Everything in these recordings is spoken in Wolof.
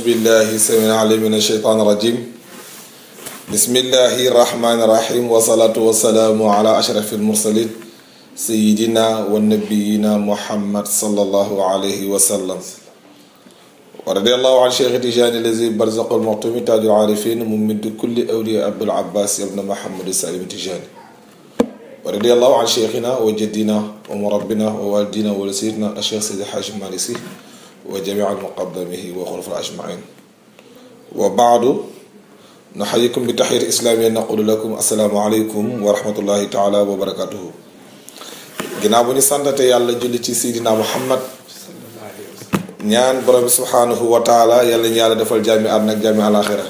أعوذ بالله السميع العليم من الشيطان الرجيم بسم الله الرحمن الرحيم والصلاة والسلام على أشرف المرسلين سيدنا والنبينا محمد صلى الله عليه وسلم ورضي الله عن شيخ تجاني الذي برزق المقتوم تاج العارفين ممد كل أولياء أبو العباس ابن محمد سالم تجاني ورضي الله عن شيخنا وجدنا ومربنا ووالدنا ولسيدنا الشيخ سيد الحاج مالسي wa jamiica muqaddamihi wa xulafa ajmaciin wa baadu nuxayikum bi taxiyati islaamiya naqulu lakum assalaamu aleykum wa rahmatullahi wa barakaatuhu ginnaaw bu ñu santate yàlla julli ci seydina muhammad ñaan borom bi subhaanahu wa taala yàlla ñu yàlla defal jàmmi àddina ak jàmmi alaaxira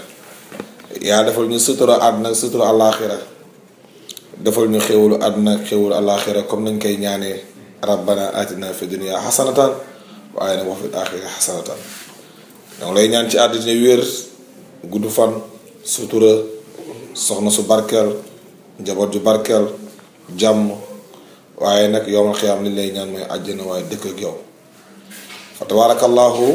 yaa defal ñu sutura àddina ak sutura alaaxira defal ñu xéwalu àddina ak xéwalu alaaxira comme nañ koy ñaanee rabbana atina fi dunya xasanatan waaye nag wa fil axirati xasanatan donc lay ñaan ci àddina wér gudd fan sutura soxna su barkeel njaboot ju barkeel jàmm waaye nag yow xiyaam li lay ñaan mooy àjjana waaye dëkk ak yow fa tabarakallahu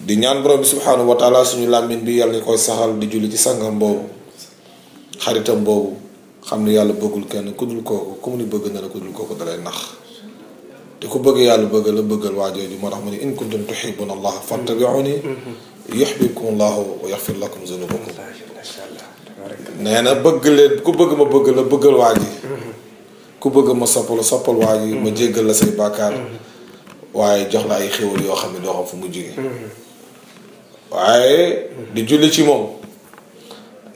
di ñaan borom bi subhanahu wa suñu làmmiñ bi yàlla ñu koy saxal di julli ci sangam boobu xaritam boobu xam ne yàlla bëggul kenn ku dul kooku ku mu ni bëgg na la ku dul kooku dalay nax te ku bëgg yàlla bëgg la bëggal waa jooju moo tax mu ne in kuntum tuhibbuna allah fattabi'uni yuhbibkum allahu wa ku bëgg ma bëgg la bëggal ma soppal soppal waa jox la ay xéwal yoo xam ne doo xam fu mu jóge waaye di julli ci moom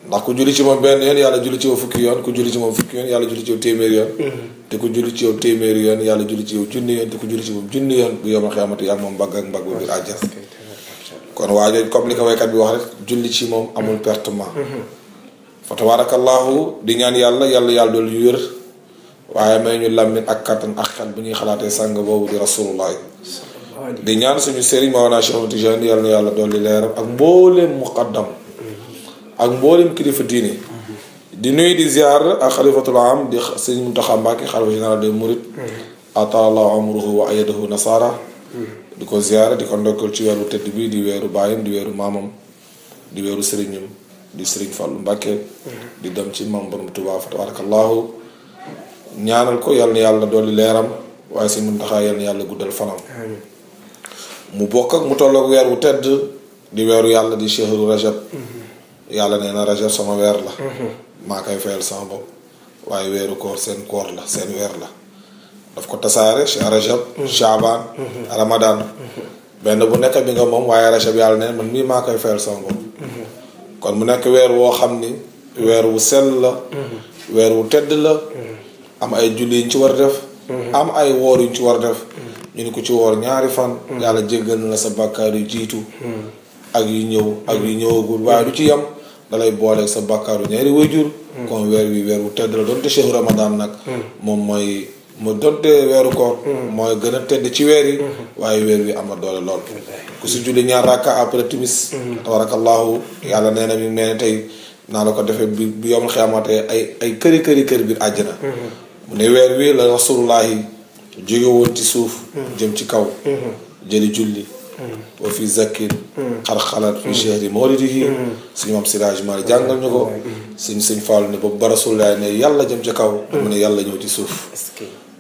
ndax ku julli ci moom benn yoon yàlla julli ci yow fukki yoon ku julli ci moom fukki yoon yàlla julli ci yow téeméeri yoon mm-hmm. te ku julli ci yow yàlla julli ci yow junni yoon te ku julli ci moom junni yoon bu yoma xiyamati yàlla moom mbagg mbagg bi biir àjjana kon waaye comme li ko kat bi wax rek julli ci moom amul pertement mm-hmm. fa tabarakallahu di ñaan yàlla yàlla yàlla dool yu wér waaye may ñu làmmin ak kattan ak xel bu ñuy xalaatee sàng boobu di rasulullahi di ñaan suñu sëriñ Mawlana Cheikh Tidiane yàlla na yàlla dool li leeram ak mbooleem muqaddam ak mboolem kilifa diine di nuyu di ziar ak xalifatul am di sëñ Muntaxa Mbàkke xalifa général de Mouride. Mm-hmm. atallaahu amruhu wa ayadahu nasara. Mm-hmm. di ko ziar di ko ndokkal ci weeru tëdd bi di weeru baayam di weeru maamam di weeru sëriñam di sëriñ Fàllu Mbàkke mm-hmm. di dem ci maam borom Tuubaa fa tabaarakallaahu ñaanal ko yal yàlla dolli leeram waaye sëñ Muntaxa yal yàlla guddal fanam. mu bokk ak mu tolloog weer wu tedd di weeru yàlla di shahru rajab yàlla nee na rajab sama weer la mhm. maa koy fayal sama waaye weeru koor seen koor la seen weer la daf ko tasaare rajab mhm. shaabaan mhm. ramadaan benn bu nekk bi nga moom waaye rajab yàlla nee man mii maa koy fayal sama bopp kon mu nekk weer woo xam ni weer wu sell la weer wu tedd la am ay julli yuñ ci war def am ay woor yuñ ci war def ñu ni ko ci woor ñaari fan yàlla jéggal na sa bàkkaar yu jiitu ak yu ñëw ak yu ñëwagul waaye du ci yam dalay booleeg sa bàkkaaru ñaari wayjur hmm. kon weer wi weer wu tedd la doonte cheikhu ramadan nag hmm. moom mooy mu donte weeru koor hmm. mooy gën a tedd ci weer yi waaye weer wi am na doole lool ku si julli ñaar rakka après timis tabarakallahu yàlla nee na mi ngi ne tey naa la ko defee bi bi yomul xiyaamaatee ay ay këri këri kër biir àjjana mu ne weer wi la rasulullahi jóge woon ci suuf jëm ci kaw jëli julli wa fi zakkin xarxalaat fi chehri mawlidihi suñu maam Siraaj Maali jàngal ñu ko suñ sëñ Fallu ne boobu bara sullaay ne yàlla jëm ca kaw mm. mu ne yàlla ñëw ci suuf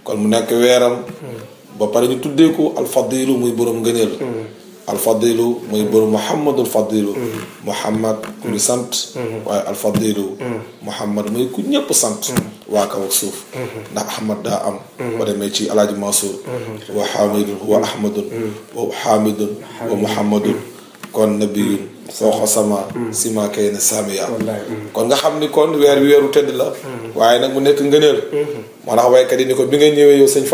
kon mu nekk weeram mm. ba pare ñu tuddee ko alfadilu muy borom ngëneel mm. alfadilu mooy borom muhammadul fadilu muhammad ku ñu sant waaye alfadilu muhammad mooy ku ñëpp sant waa kaw ak ahmad daa am ba demee ci alaaji mansour wa xaamidun wa ahmadun wa muhammadun kon nabiyun soo xosama sima kay ne samiya kon nga xam ni kon weer wi u tëdd waaye nag mu nekk ngëneel moo tax waykat yi ni bi nga ñëwee yow sëñ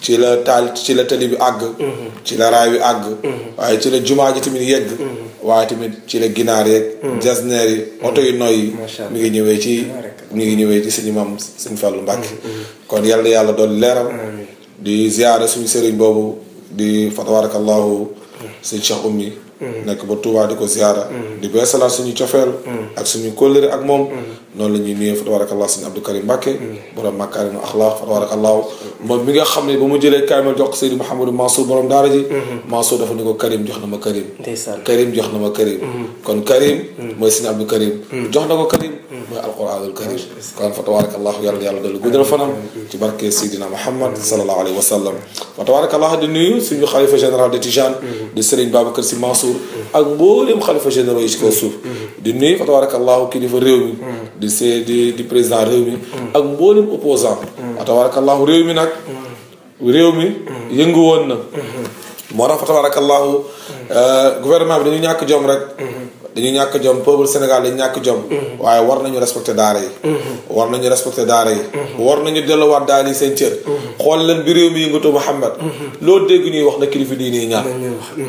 ci la taal ci la tali bi àgg mm-hmm. ci la raay bi àgg mm-hmm. waaye ci la jumaa ji tamit yegg mm-hmm. waaye tamit ci la ginaar yeeg jasneer yi oto yu noy yi mi ngi ñëwee ci mi ngi ñëwee ci suñu maam suñu Fallu Mbàkke kon yàlla yàlla doon leeram di ziyaara suñu sëriñ boobu di fa tabarakallahu suñu Cheikh Oumy nekk ba Tuubaa di ko ziyaara di beesalaat suñu cofeel ak suñu kóllëre ak moom noonu la ñuy nuyee fa tabarakallah sëñ Abdou Karim Mbacke mm. borom makaarimu axlaaq fa tabarakallah moom mi nga xam ne ba mu jëlee kaamil jox Seydi Mouhamadou Mansour borom daara ji mm-hmm. Mansour dafa ni ko Karim jox na ma Karim Karim jox na ma Karim mm-hmm. kon Karim mm-hmm. mooy sëñ Abdou Karim jox na ko Karim mooy alquranul karim kon fa tabarakallah yàlla yàlla guddal fanam ci barke Seydina Muhammad sallallahu alayhi wa sallam fa tabarakallah di nuyu de Tijane di Serigne Babacar Sy ak mbooleem xalifa généraux yi ci kaw suuf di nuyu fa tabarakallahu kilifa réew mi di see di di président réew mi ak mbooleem opposant fa tabarakallahu réew mi nag réew mi yëngu woon na moo tax fa tabarakallahu euh, gouvernement bi dañu ñàkk jom rek dañu ñàkk jom peuple Sénégal dañu ñàkk jom mm-hmm. waaye war nañu respecté daara yi mm-hmm. war nañu respecté daara yi mm-hmm. war nañu delluwaat daara yi seen cër xool leen bi réew mi yëngatu Mouhamed loo dégg ñuy wax na kilifa diine ñaar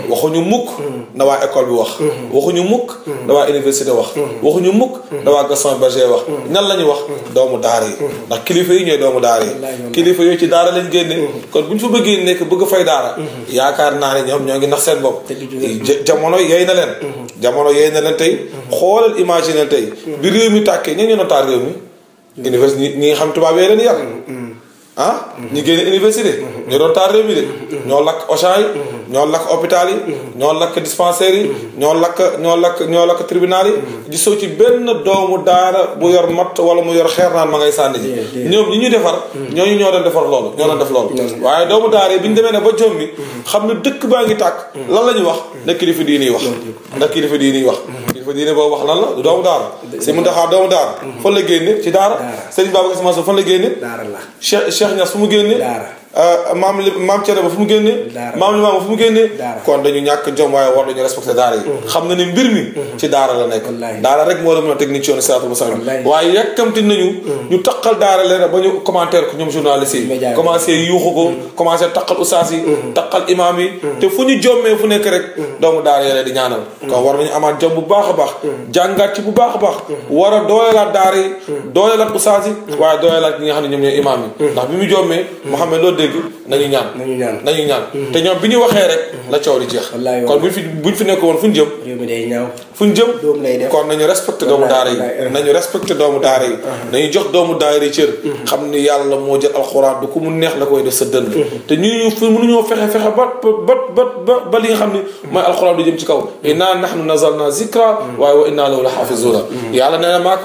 waxuñu mukk na waa école bi wax waxuñu mukk na waa université wax waxuñu mukk na waa Gaston Berger wax ñan la ñu wax doomu daara yi ndax kilifa yi ñooy doomu daara yi kilifa yooyu ci daara lañ génne kon bu ñu fa bëggee nekk bëgg fay daara yaakaar naa ne ñoom ñoo ngi nax seen bopp jamono yey na ne leen tey xoolal imaginer tey bi réew mi tàkkee ña ñoo taal réew mi université ñi nga xam tubaab yee leen yar ah ñu génne université ñu doon taal réew mi de ñoo lakk Auchan yi ñoo lakk hôpital yi ñoo lakk dispensaire yi ñoo lakk ñoo lakk ñoo lakk tribunal yi gisoo ci benn doomu daara bu yor matt wala mu yor xeer naan ma ngay sànni ji ñoom ñi ñu defar ñooñu ñoo doon defar loolu ñoo doon def loolu waaye doomu daara yi bi ñu demee ne ba jom xam ne dëkk baa ngi tàkk lan la ñu wax mm. na kilifa diini yi wax na kilifa diini wax ko diine boobu wax lan la du doomu daara si mu ndaxaar doomu daara mhm. fan la génne ci daara sëriñ Babacar Si Mansour fan la génne daara la Cheikh Cheikh génne Euh, maam li maam Thierno ba fu mu génnee. maam li maam fu mu génnee. kon dañu ñàkk jom waaye war dañu respecté daara yi. Mhm. xam na ne mbir mi. Mhm. ci daara la nekk. daara rek moo la mën a teg nit ci yoonu siraatul waaye mhm. ba ñu commentaire ko ñoom journaliste yi. commencé yuuxu ko. commencé taqal ustaas yi. taqal imaam yi. te fu ñu jommee fu nekk rek. doomu daara yi di ñaanal. kon war nañu amaat jom bu baax a baax. jàngaat ci bu baax a baax. war a dooleelaat daara yi. dooleelaat ustaas yi. waaye dooleelaat ñi nga xam ne ñoom ñooy imaam yi. ndax bi mu jommee Mouhamed dégg nañu ñaan nañu ñaan nañu ñaan mm-hmm. te ñoom bi ñu waxee rek la coow di jeex kon buñ fi buñ fi nekk woon fu ñu jëm réew mi day fu ñu jëm kon nañu respecté doomu daara yi uh-huh. nañu jox doomu daara cër uh-huh. xam ni yàlla moo jël alxuraan du ku mu neex la koy def sa dënn uh-huh. te ñuñu fu mënuñoo fexe fexe ba ba ba xam ni mooy alxuraan du jëm ci kaw inna nahnu nazalna zikra waaye wa inna lahu la xaafizuna yàlla nee na maa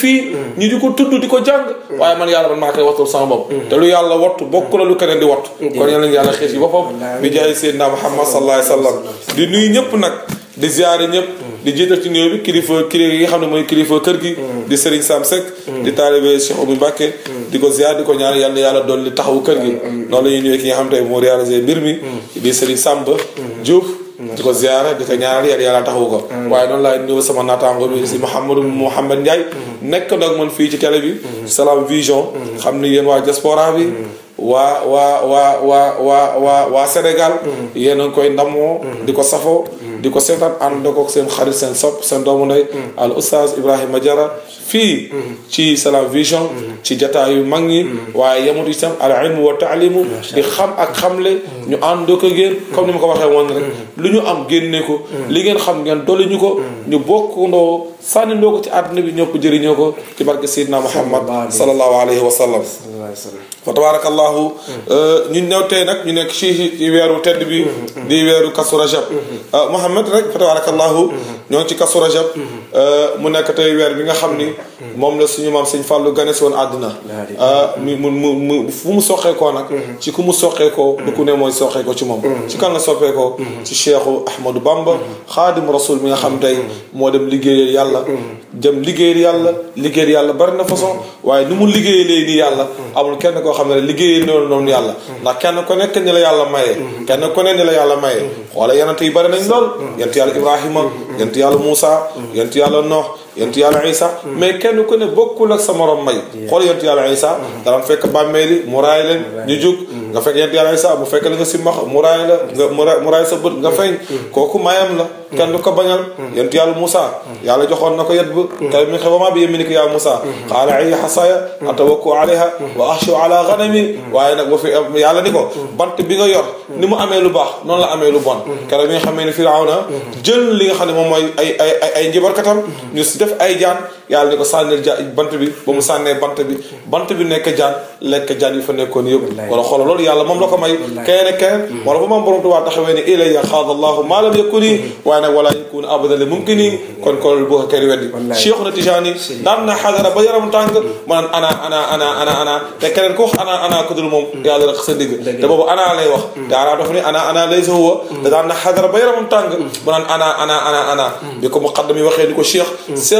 fii ñu di ko tudd di ko jàng waaye man yàlla man maa koy wattul sama bopp te lu yàlla wattu bokk la lu keneen di wattu kon yàlla xeet boppam bi jaay seydina Muhammad sallallahu alayhi wa sallam di di jiital ci nuyoo bi kilifa yi nga xam ne mooy kilifa kër gi di Serigne Sam Seck mm. di taalibe Cheikh Oumy Mbacké mm. di ko ziar di ko ñaan yal na yàlla di taxawu kër gi noonu la ñuy ki nga xam tey moo réalisé mbir mi mm. di Serigne samb Diouf di ko ziara di ko ñaanal yàlla yàlla taxawu ko waaye noonu laay nuyoo sama naataango bi si Mouhamadou Mouhamad Ndiaye nekk nag man fii ci télé bi Salam Vision xam ni yéen waa diaspora bi waa waa waa waa waa waa waa Sénégal yéen a ngi koy di ko safoo di ko seetaan ànd ak seen xarit seen sopp seen doomu ndey mm. al oustaz Ibrahima Diarra fii mm-hmm. ci Salam Vision mm-hmm. ci jataayu mag mm-hmm. waaye yemut itam al ilmu wa taalimu di xam ak xamle ñu ànd ko ngeen comme ni ma ko waxee woon rek lu ñu am génne ko li ngeen xam ngeen dolli ñu ko ñu bokk ndoo sànni ndoo ko ci àdduna bi ñëpp jëriñoo ko ci barke Seydina Muhammad sallallahu alayhi wa sallam fa tabarakallahu euh, ñu ñëw tey nag ñu nekk ci weeru tedd bi di weeru kasu rajab euh, Mouhamed rek fa tabarakallahu ñoo ngi ci kasu rajab euh, mu nekk tey weer bi nga xam ni moom la suñu maam sëñ Fàllu ganes woon àdduna euh, mu mu mu fu mu soqeekoo nag ci ku mu soqeekoo du ku ne mooy ko ci moom ci kan la soppeekoo ci Cheikhu Ahmadou Bamba xaadim rasul mi nga xam tey moo dem liggéeyal yàlla jëm liggéeyal yàlla liggéeyal yàlla bari na façon waaye ni mu liggéey léegi nii yàlla amul kenn koo xam ne liggéeyal noonu noonu yàlla ndax kenn ku nekk ni la yàlla mayee kenn ko ne ni la yàlla mayee xoola yonent yi bari nañ lool yonent yàlla ibrahima yonent yàlla muusa yonent yàlla noox yontu yàlla isa mm-hmm. mais kenn ku ne bokkul ak sa morom may xool yontu yàlla isa mm-hmm. daan fekk bàmmeel yi mu raay leen ñu jug mm-hmm. nga fekk yontu yàlla isa la nga joxoon na ko yet bu kay mi xe wamaa bi yaminika yaa ala ganami waaye nag ni ko bant bi nga yor ni mu lu baax noonu la amee lu bon keroog bi nga xamee ne Firawna jël li nga xam ne moom mooy ay ay ay njibarkatam def ay jaan yàlla ni ko sànnil ja bant bi ba mu sànnee bant bi bant bi nekk jaan lekk jaan yu fa nekkoon yëpp wala xoolal loolu yàlla moom la ko may keneen ak keneen wala bu maam borom tubaab taxawee ne ilaya xaada allahu maa lam yakuni waaye nag wala yakun abadan li mumkini kon kolol boo ko kenn weddi Cheikh na Tijaani daan na xadara ba yaram tàng mu naan ana ana ana ana ana te keneen ku wax ana ana ku dul moom mm. yàlla rek sa digg te boobu ana lay wax mm. te arab dafa ni ana ana laysa huwa mm. te daan na xadara ba yaramam tàng mu naan ana ana ana ana bi ko muqaddam yi waxee ni ko Cheikh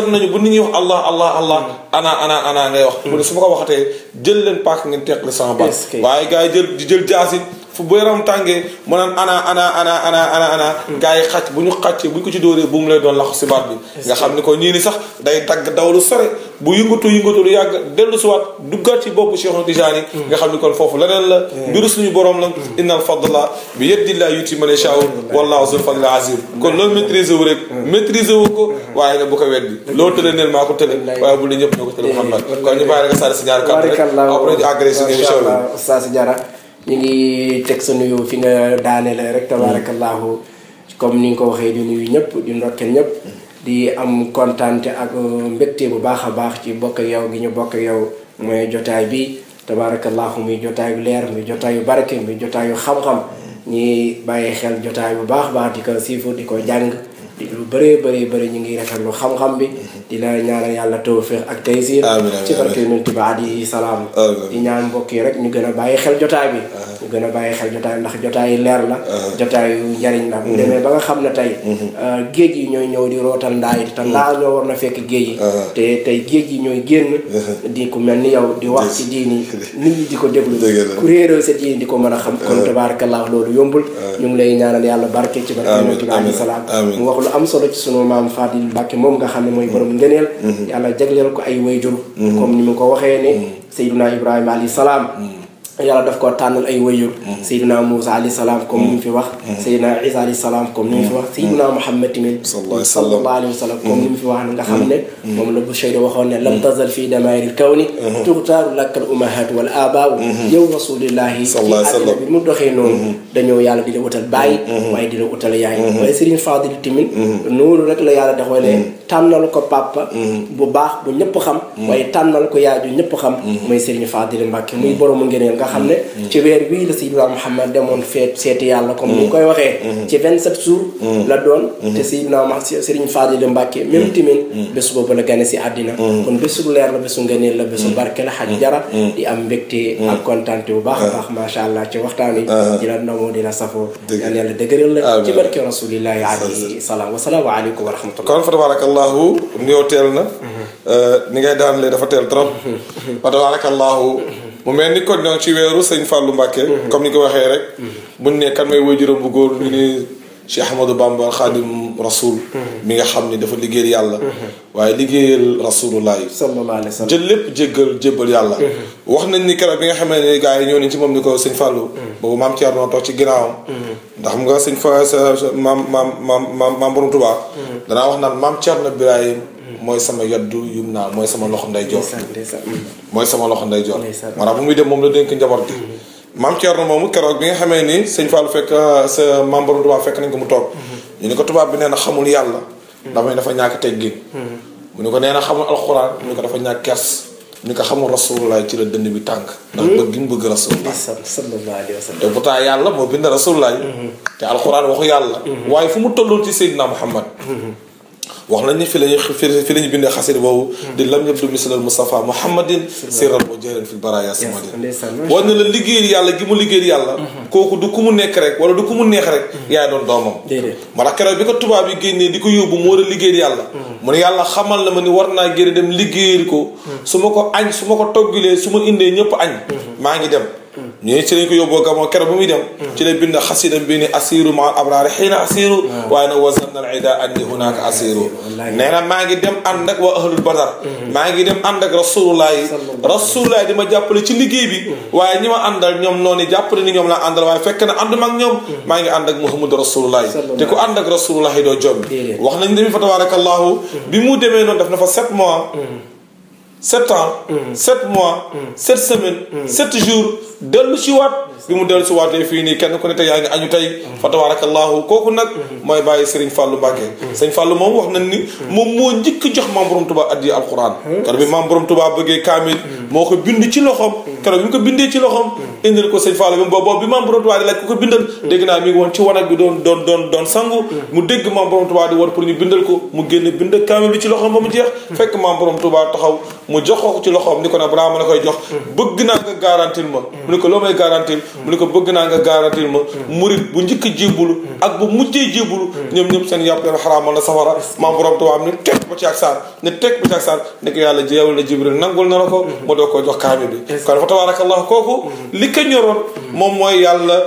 seetlu nañu bu nit ñi wax allah allah allah mm. ana ana ana ngay wax mm. mu ne su ma ko waxatee jël leen paak ngeen teqli sama baat waaye gars yi jël jël jaasin fu bu yaram tàngee mu naan ana ana ana ana ana ana hmm. gars yi xàcc bu ñu xàccee bu ñu ko ci dóoree bu mu lay doon lax si baat bi nga xam ni ko ñii ni sax day dagg daw lu sore bu yëngatu yëngatu lu yàgg dellu si waat duggaat ci boppu Cheikh Tijaani hmm. nga xam ni kon foofu leneen la hmm. mbiru suñu borom la innal fadla bi yadillah yuti man yashaa wallahu zul fadl azim kon loolu maîtriser wu rek maîtriser wu ko waaye nag bu ko weddi loolu tële neel maa ko tële waaye bu li ñëpp ñoo ko tële Muhammad eh, kon ñu bàyyi rek sànni si ñaari kàddu rek après ñu agré si émission bi ñu ngi teg sa nuyu fi nga daanelee rek tabaarakallaahu comme ni nga ko waxee di nuyu ñëpp di ndokkeel ñëpp di am kontaante ak uh, mbégte bu baax a baax ci bokk yow gi ñu bokk yow mooy jotaay bi tabaarakallaahu muy jotaayu leer muy jotaayu barke muy jotaayu xam-xam ñi bàyyi xel jotaay bu baax baax di ko siifu di ko jàng di lu bëree bëree bëri ñu ngi lu xam-xam bi mhm. di la ñaanal yàlla tawfiq ak taysiir ci barke yonent bi alayhi salaam di ñaan mbokk yi rek ñu gën a bàyyi xel jotaay bi ñu gën a bàyyi xel jotaay ndax jotaay leer la jotaay yu njariñ la bu mhm. demee ba xam ne tey mhm. euh, géej yi ñooy ñëw di rootal ndaay te ndaa ñoo na fekk géej yi te géej yi ñooy génn di ku mel ni yow di wax ci diini nit di ko déglu ku di ko mën a xam kon tabaarakallah loolu yombul lay ñaanal yàlla barke ci barke yonent bi alayhi salaam mu wax am solo ci sunu maam Fadil Mbacke moom nga xam ne mooy borom ngëneel mm-hmm. yàlla jagleel ko ay wayjur mm-hmm. comme ni mu ko waxee ne mm-hmm. Seydina Ibrahima alayhi salaam la daf ko tànnal ay wayur mm-hmm. Seydina Moussa alayhi salaam comme ni mu fi wax mm-hmm. Seydina Isa alayhi salaam comme ni mu fi wax mm-hmm. Seydina Muhammad tamit sallallahu alayhi wa sallam comme mu nga xam ne moom la bu Cheikh waxoon ne lam tazal fii damairil kawni tuxtaaru lakal umahat wal abaaw yow rasulillahi ci àddina bi mu doxee noonu dañoo yàlla di la utal bàyyi waaye di la utal yaay waaye Serigne Fadil tamit noonu rek la yàlla doxalee tànnal ko papa. Mm-hmm. bu baax bu ñëpp xam. Mm-hmm. waaye tànnal ko yaay ju ñëpp xam. mooy mm-hmm. Serigne Fadilou Mbacké muy boromu ngëneel nga xam ne. ci weer wii la Seydina Mouhamed demoon feet seeti yàlla comme ni koy waxee. ci 27 jours. la doon te Seydina Serigne Fadilou Mbacké même timin bés boobu la gane si àddina. kon bésu leer la bésu ngëneel la bésu barke la xaj jara. di am mbégte ak kontaante bu baax a uh-huh. baax macha allah ci waxtaan wi. Uh-huh. di na ndamoo di la safoo. dëgg la yàlla dëgëral la ci barke rasulillahi alayhi salaam wa tabaarakallaahu nuyoo teel na. Euh, ni ngay daanalee dafa teel trop. wa tabaarakallaahu mu mel ni kon ñoo ci weeru sëñ Fallou Mbacke. Mm-hmm. comme ni ko waxee rek. buñ ne kan may waajuram bu góor ñu ni Cheikh Ahmadou Bamba xaadim rasul mm-hmm. mi nga xam ne dafa liggéey yàlla mm-hmm. waaye liggéeyal rasulullah yi sallallahu alayhi wa sallam jël lépp jéggal jébbal yàlla mm-hmm. wax nañ ni keroog bi nga xam ne gars yi ñëw nañ ci moom ni ko sëñ Fallou boobu maam Thierno toog ci ginnaawam ndax mu nga sëñ fa sa maam maam maam maam borom Tuubaa danaa wax naan maam Thierno Birahim mooy sama yaddu yum naa mooy sama loxo ndeyjoor mooy sama loxo ndeyjoor maanaam bu muy dem moom la denk njaboot gi maam Thierno moomu keroog bi nga xamee ni sëñ Fall fekk ah, sa membre tubaab fekk nañ ko mu toog. Mhm. ñu ne ko tubaab bi nee na xamul yàlla. Mhm. damay dafa ñàkk teggin. Mhm. mu ne ko nee na xamul alxuraan mu ne ko dafa ñàkk kers. ñu ko xamul rasulullah ci la dënd bi tànk. ndax bëgg gi mu bëgg rasulullah. sallallahu alayhi wa sallam. te pourtant yàlla moo bind rasulullah. te alxuraan waxu yàlla. waaye fu mu tolloon ci Seydina Muhammad wax nañ fi lañuy fi lañuy bindee xasida boobu di lam yabdu mislal Mustafa Muhammadin siral boo jëleen fil baraya samadin war na la liggéeyal yàlla gi mu liggéeyal yàlla mhm. kooku du ku mu nekk rek wala du ku mu neex rek mhm. yaay doon doomam moo keroog bi ko tubaab yi génnee di ko yóbbu mu war a liggéeyal yàlla mhm. mu ne yàlla xamal na ma ni war naa génne dem liggéeyal ko su ma ko añ su ma ko toggilee su ma indee ñëpp añ maa ngi dem ñooñu ci lañ ko yóbboo gamoo keroog bi muy dem mm. ci la bind xasidam bii ni asiru ma abraari xiina asiru mm. waaye nag wasanna al ida anni maa ngi dem ànd ak waa ahlul badar mm-hmm. maa ngi dem ànd ak rasulullahi rasulullahi di ma jàppale ci liggéey bi mm. waaye ñi ma àndal ñoom noonu jàppale ni ñoom laa àndal waaye fekk na ànduma ak ñoom maa ngi ànd ak muhammadu rasulullahi te ku ànd ak rasulullahi doo jom wax nañ demi fa tabaarakallahu bi mu demee noon def na fa sept mois sept ans. Mm. sept mois. Mm. sept semaines. Mm. sept jours dellu si waat bi mu dellu si waatee fii nii kenn ku ne tey yaa ngi añu tey fa tabarakallahu kooku nag moo njëkk jox maam borom Touba addi alquran keroog bi maam borom Touba bëggee kaamil moo ko bind ci loxoom keroog bi ko bindee ci loxoom indil ko Serigne Fallou bi boobu ko bindal dégg naa mi ngi woon ci wanag bi doon doon doon doon sangu mu dégg maam borom Touba ko mu génn bind kaamil bi ci loxoom ba mu jeex fekk maam borom Touba taxaw mu jox ko ci loxoom ni ko ne balaa ma la koy jox bëgg naa nga garantil ma mu ne ko loo may garantil mu ne ko bëgg naa nga garantir ma murit bu njëkk jébbulu ak bu mujjee jébbulu ñoom ñëpp seen yàpp leen xaraamal na safara maam borom tubaab ne teg ba ci ak saar ne teg ba ci ak saar ne ko yàlla jeewal na jibril nangul na la ko ma doo ko jox kaami bi kon fa tabaarakallah kooku li ko ñoroon moom mooy yàlla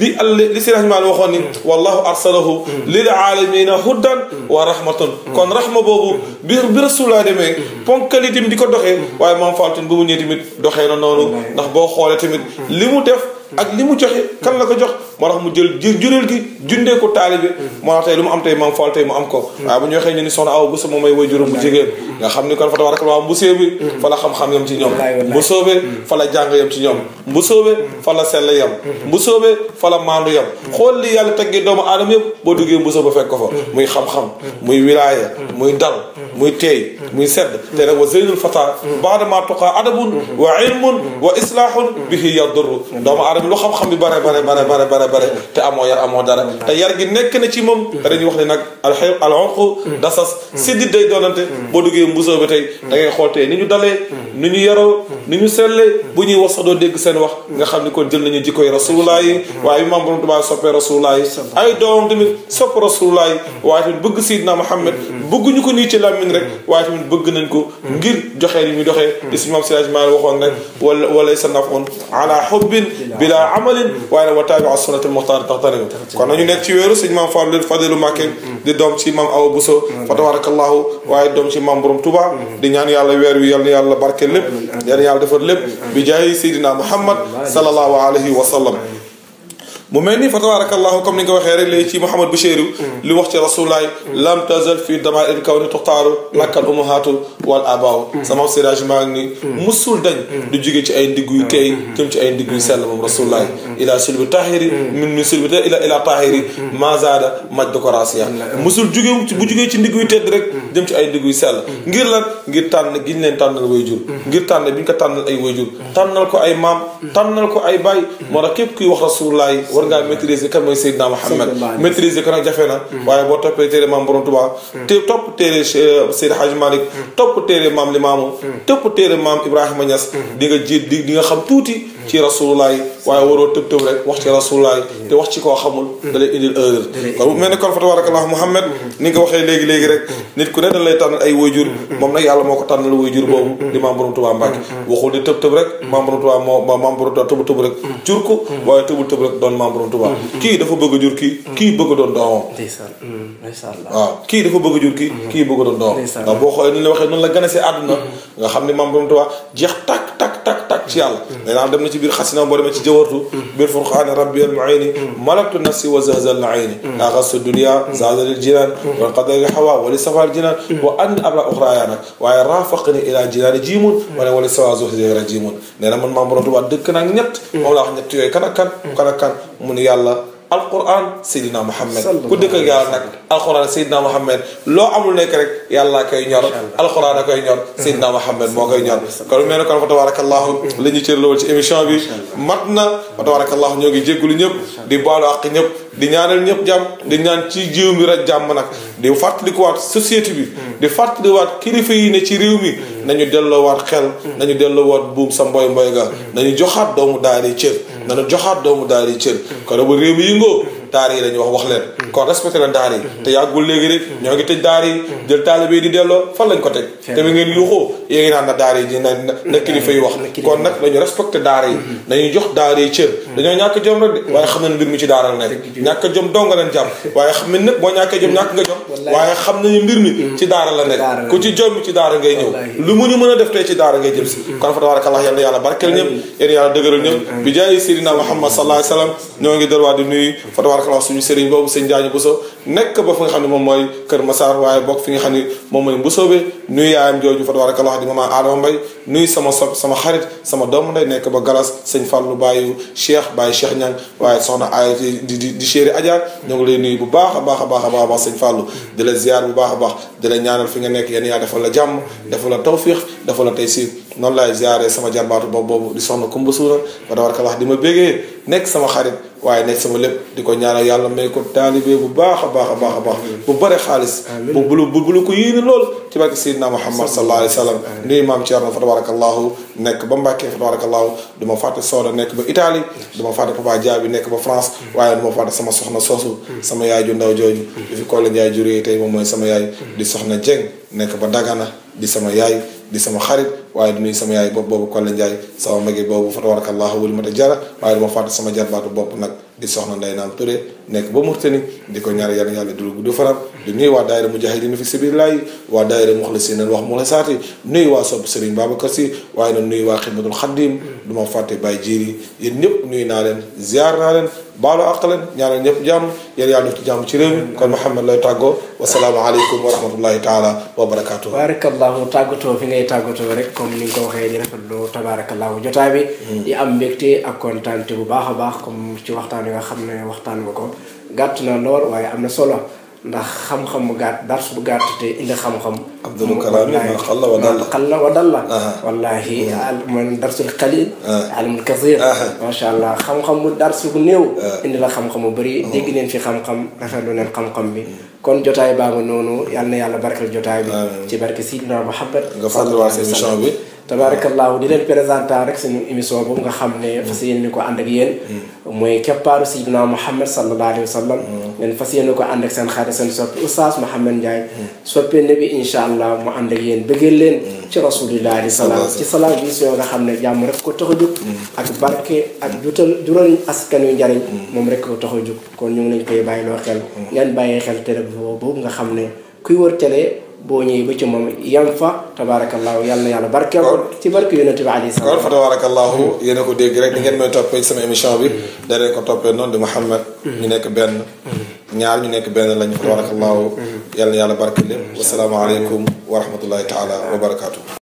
li al li si rahmaan waxoon ni mm. wallahu arsalahu mm. lil aalamina huddan wa rahmatun mm. kon rahma boobu bi bi rasulullah demee ponkali di ko doxee waaye maam Faal Tine ba mu ñëwee tamit doxee na noonu ndax boo xoolee tamit li mu def ak li mu joxe kan la ko jox moo tax mu jël jë jureel gi jundee ko taalibe moo tax tey lu mu am tey maam Fall tey mu am ko waaye bu ñu waxee ñu ni soxna aw bu sama may way juróom bu jigéen nga xam ni kon fa tabarak waa bu séebi fa la xam-xam yam ci ñoom bu soobee fa la jàng yam ci ñoom bu soobee fa la sell yam bu fa la maandu yam hmm. xool li yàlla teggee doomu aadama yëpp boo duggee mbusa ba fekk ko fa hmm. muy xam-xam hmm. muy wilaaya muy wa zeynul fata baadama tuqaa adabun wa ilmun wa islahun bihi yadurru doomu aadama lu xam-xam bi bare bare bare bare te amoo yar amoo dara te yar gi nekk na ci moom te dañuy wax ne nag alxew alxonq dasas siddit day da ngay xool tey ni ñu dalee ni ñu yaroo ni ñu sellee bu ñuy wax sax doo dégg seen wax nga xam ni kon jël nañu jikkoy rasulullah yi waaye waaye maam borom Tuubaa soppee rasulullahi ay doomam tamit sopp rasulullahi waaye tamit bëgg Seydina Muhammad bëgguñu ko nii ci làmmiñ rek waaye tamit bëgg nañ ko ngir joxe li ñu doxee di si maam Siraaj Maalik waxoon rek wala walay sa nafoon ala hubbin bila amalin waaye nag wa taabia sunnati muxtaar taxtanibu kon nañu nekk ci wéeru sëñ maam Fadlu Fadilu Màkke di doom ci maam Awa Buso fa tabarakallahu waaye doom ci maam borom Tuubaa di ñaan yàlla weer wi yal na yàlla barke lépp yal na yàlla defar lépp bi jaay Seydina Muhammad sallallahu alayhi wa sallam mu mel ni fa tabarakallahu comme ni nga ko waxee rek léegi ci Mouhamad Bachirou mm. li wax ci rasulaay mm. lam tazal fi dama il kaw ni tuxtaaru mm. lakkal umahaatu wal abaaw sama sirage maa ngi ni musul dañ du jóge ci ay ndigg yu teey jëm ci ay ndigg yu sell moom rasulaay ila silbi tahiri min min silbi ila ila tahiri mazada maj dokorasiya musul jóge bu jógee ci ndigg yu tedd rek jëm ci ay ndigg yu sell ngir lan ngir tànn gi ñu leen tànnal way jur ngir tànn bi ñu ko ay way jur tànnal ko ay maam tànnal ko ay baay moo tax képp kuy wax rasulaay war ngaa maîtriser kan mooy Seydina Mohamed maîtriser hmm. waaye boo toppee téere maam borom Tuubaa hmm. te topp téere euh, Seydi Hadji Malick hmm. topp téere maam Limaamu topp téere maam Ibrahima Niass di nga jiit di nga xam tuuti ci rasulullaay waaye waroo tëb tëb rek wax ci rasulullaay te wax ci koo xamul da lay indil erreur kon waxee léegi léegi rek nit ku ne dañ lay tànnal ay wayjur moom nag yàlla moo ko tànnal wayjur boobu di maam borom Tuubaa Mbàkke waxul di tëb tëb rek maam borom Tuubaa moo maam kii dafa bëgg a jur kii kii bëgg a doon doomam mm, waaw kii dafa bëgg a jur kii mm. kii bëgg doon doomam ndax boo xoolee ni la waxee noonu a àdduna nga xam ne maam borom Tuubaa jeex tak tak tak tak ci ci biir xasinaam boo demee ci jawartu bil furqaani rabbi al muayni malaktu nafsi wa zahzal ayni axastu dunia zahzal jinaan wal qadari hawa wali safal jinaan wa and abra uxra yaa nag waaye raafaqni ila jinaani jiimun wali sawa zuhzira jiimun nee na man maam borom tubaab dëkk naag ñett moom laa wax kan ak kan yàlla alquran Seydina Mohamed. ku dëkk ak yàlla nag alquran Seydina Mohamed loo amul nekk rek yàlla koy ñor. al alquran a koy ñor. Seydina Mohamed moo koy ñor. kon mel na kon fa tabarakallahu la ñu cër lool ci émission bi. mat na fa tabarakallahu ñoo ngi jégalu ñëpp. di baalu àq ñëpp di ñaanal ñëpp jàmm di ñaan ci jiw mi rek jàmm nag. Mm. di fàttalikuwaat société bi. Mm. di waat kilifa yi ne ci réew mi. Mm. nañu delloowaat xel na nañu delloowaat buum sa mboy mboy ga mm. nañu joxaat doomu daara yi na mm. nañu joxaat doomu daara yi cër mm. kon bu réew mi ngoo daara yi la ñuy wax wax leen hmm. kon respecté leen daara yi hmm. te yàggul léegi rek ñoo ngi tëj daara yi hmm. jël taalibe yi di delloo fan lañ ko teg te mi ngeen de waaye xam nañ mbir mi ci daara la lu ñu mën a def tey ci daara ngay jëm si kon fa tabarakallah yal yàlla barkeel ñëpp yéen yàlla dëgëral ñëpp bi jaay Seydina Muhammad sallallahu alayhi ñoo ngi delluwaat di nuyu tabarakallah suñu sëriñ boobu sa Njaañ Bousso nekk ba fa nga xam ne moom mooy Kër Massar waaye bokk fi nga xam ne moom mooy Mbousso bi nuyu yaayam jooju fa tabarakallah di maman Adama Mbaye nuyu sama sopp sama xarit sama doomu ndey nekk ba galas sëñ Fallou bàyyi Cheikh bàyyi Cheikh ñan waaye soxna ay di di di chéri Adja ñoo lay nuyu bu baax a baax a baax a baax sëñ Fallou la ziar bu baax a baax di la ñaanal fi nga nekk yéen yaa defal la jàmm defal la tawfiix defal la tey si noonu laay ziare sama jarbaatu boobu boobu di soxna Kumba Suuna ba tabaraka wax di ma bégee nekk sama xarit waaye nekk sama lépp di ko ñaanal yàlla may ko taalibe bu baax a baax a baax a baax bu bare bu lu ko yéene lool ci barke Seydina Muhammad sallallahu alayhi wa sallam nuyu maam Thierno fa tabarakallahu nekk ba Mbàkke fa tabarakallahu du ma fàtte Sooda nekk ba Italie du ma fàtte Papa Dia bi nekk ba France waaye du ma fàtte sama soxna soosu mm. sama yaay ju ndaw jooju mm. di fi Kolle Ndiaye juree tey moom mooy sama yaay di soxna Dieng nekk ba Dagana di sama yaay di sama xarit waaye di nuyu sama yaay bopp boobu Kolle Ndiaye sama magi boobu fa tabarakallahu wali mata jara waaye dama fàtte sama jarbaatu bopp nag di soxna Ndeye Naam Touré nekk ba Mauritanie di ko ñaari yàlla yàlla dul gudd fanam di nuyu waa daayira mujahidin fi sabilillah waa daayira muxlisin wax muxlisaati nuyu waa sopp Serigne Babacar Sy waaye nag nuyu waa xidmatul xaddim du ma fàtte Baye Jiri yéen ñëpp naa leen ziar naa leen baalu àq ngay tàggatoo rek comme ni nga ko waxee di rafetlu tabaarakallaahu jotaay bi. Mm. di am mbégte ak kontaante bu baax a baax comme ci waxtaan yi nga xam ne waxtaan nga ko gàtt na lool waaye am na solo. ndax xam-xam bu gàtt dars bu gàtt te indi xam-xam. abdul kalaami ma xalla wa dalla xalla wa dalla. wallaahi man darsul qalil. alimul kasir. macha allah xam-xam bu dars bu néew. indi la xam-xam bu bëri. dégg neen fi xam-xam rafetlu nen xam-xam bi. kon jotaay baa nga noonu yàlla na yàlla barkal jotaay bi. ci barke Sidina Muhammad. nga fàttaliwaat émission bi. tabaarakallaahu di leen présenté rek suñu émission boobu nga xam ne mm. fas yéene ko ànd ak yéen mm. mooy keppaaru Seydina Mouhamed sallallahu alayhi wa sallam mm. ngeen fas yéene ko ànd ak seen xarit seen soppi oustaz Mouhamed Ndiaye soppee nabi insha allah mu ànd ak yéen bëggee leen ci rasulillahi di salaam ci salaam vision nga xam ne jàmm rek ko tax a jóg ak barke ak jutal jural askan yu njariñ moom rek ko tax jóg kon ñu ngi lañ koy bàyyi loo xel ngeen bàyyee xel télé boobu nga xam ne kuy wër télé boo ñëwee ba ci moom yam fa tabaarakallaahu yàlla na yàlla barkeel ci barke yonente bi alayhi salaam kon fa tabaarakallaahu ko dégg rek ni ngeen may toppee sama émission bi da ko toppee noonu di Mouhamed ñu nekk benn ñaar ñu nekk benn lañu fa tabaarakallaahu mm-hmm. yàlla na yàlla barkeel lépp wasalaamaaleykum wa rahmatullahi taala wa barakaatu